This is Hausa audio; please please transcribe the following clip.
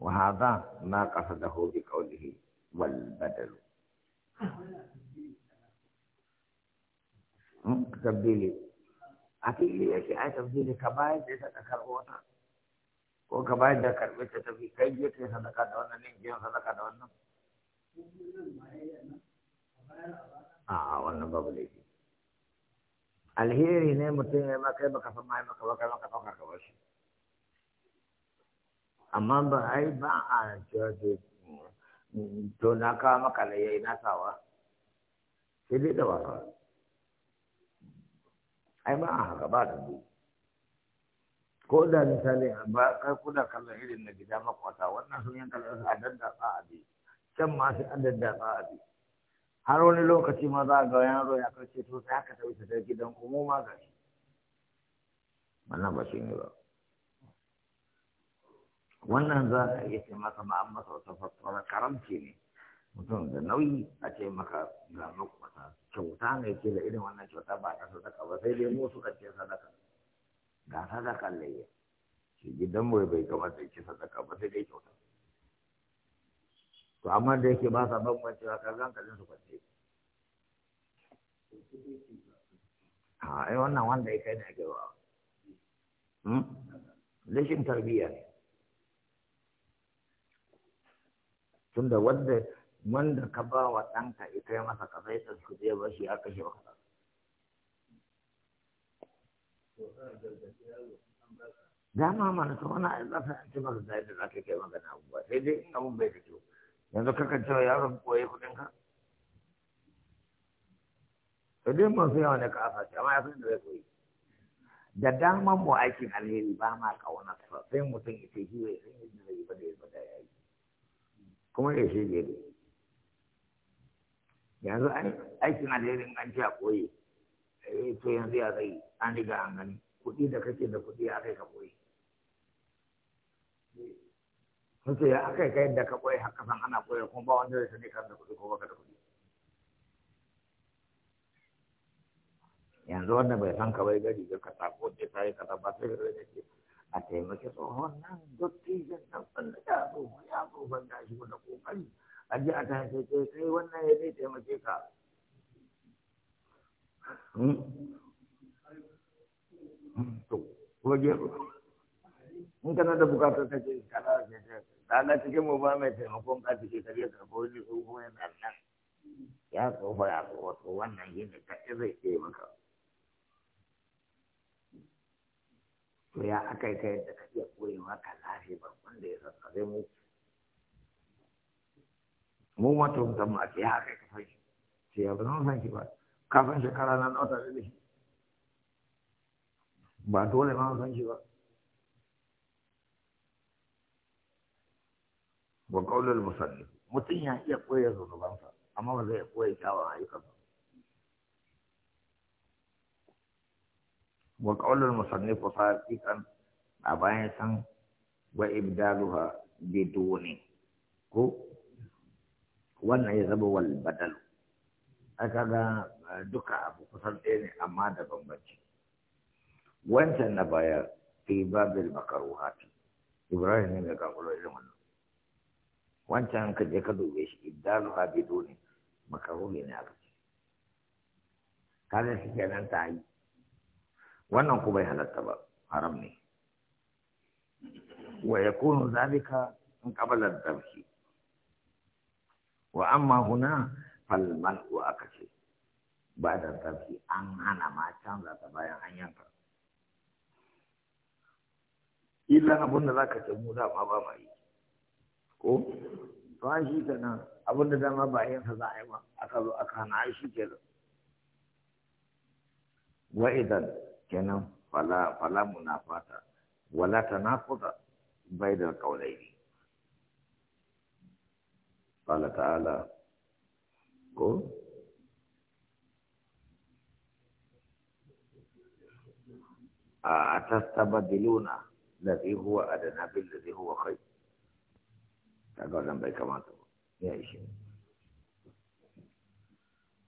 وهذا ما قصده بقوله والبدل تبديلي أكيد لي أشياء تبديلي كبائد ليس ذكر هو هو كبائد ذكر بيت تبي كيجي ليس ذكر دونه نيجي ليس ذكر دونه آه وانا بقولي الهير هنا متين ما كيف كفر ما كيف كفر ما كفر كفر amma ba ai ba a jirage mm, to na kawo maka laye na nasawa sai dai da wasa ai ba a haka ba da bu ko da misali ba kai kuna kallon irin na gida makwata wannan sun yanka da a ba a bi can ma sai an ba a bi har wani lokaci ma za a ga yaro ya kace to sai haka ta wuce ta gidan ma ga shi wannan ba shi ne ba wannan za ka iya ce masa ma masa wata fasfara karamci ne mutum da nauyi a ce maka ga makwata kyauta ne ke da irin wannan kyauta ba ta sadaka ba sai dai mu suka ce sadaka ga sadaka layya shi gidan mu bai kamata ki sadaka ba sai dai kyauta to amma da yake ba sa bambancewa ka zan kalin su kwance a ah, ai wannan wanda ya kai ne ke ba rashin tarbiyya ne tunda wanda wanda ka ba wa ɗanka ita ya masa kaza ya su zai ba shi ya kashe wa kaza. Dama mana ta wani ai zafi an ci maka zai da za ka kai magana abubuwa sai dai in abun bai da kyau. Yanzu ka kan cewa yaron koye kuɗin ka. Sai dai mun yawa wani ka asa amma ya san da zai koyi. Da daman mu aikin alheri ba ma ƙaunarsa sai mutum ya ce shi bai san yadda kuma da shi gari yanzu na da an ganci a koyi eh, to yanzu ya zai an riga an gani kuɗi da kake da kuɗi a kai ka koyi mutu ya aka yi da ka koyi haka san ana koyi kuma ba wanda zai sani kan da kuɗi ko baka da kuɗi yanzu wanda bai san ka bai gari ga ka sako da ta yi ka tabbatar da zai a taimaki tsohon nan dottijan nan wanda ya tsoho ya tsohon da shi da kokari a ji a tashi ce kai wannan ya zai taimake ka hmm? Hmm, to waje in kana da bukatar ka ce kana da ce dana cikin mu ba mai taimakon ka ce kare ka ko ni ko ko yana nan ya tsoho ya tsoho wannan yana ka zai ce to ya aka yi kai da ka iya koyi maka lafi ba wanda ya sassa zai mu mu wato musamman a ce ya aka yi ka san shi ce ya zama zan san shi ba kafin shekara na nawa da shi ba dole ma san shi ba wa qaulul musannif mutum ya iya koyar zunubansa amma ba zai koyi kyawun ayyukan ba wa qaulul musannif sahiqan a bayan san wa ibdaluha biduni ko wannan ya zama wal badal aka ga duka abu kusan ɗaya ne amma da bambanci wancan na baya fi babil makaruhati ibrahim ne mai kakulo irin wannan wancan ka je ka dube shi ibdaluha biduni makaruhi ne aka ce kada shi kenan ta yi wannan ku bai halatta ba haram ne wa yakunu zalika in qabala dabhi wa amma huna fal aka ce. ba da dabhi an hana ma canza ta bayan an yanka illa abin da zaka ce mu da ma ba mai ko ba shi kenan abin da dama ba yin sa za a yi ba aka zo aka hana shi ke wa idan kenan fala muna fata, wala tanafuda baida alqawlaini qala ta'ala ko atastabadiluna الذي هو أدنى بالذي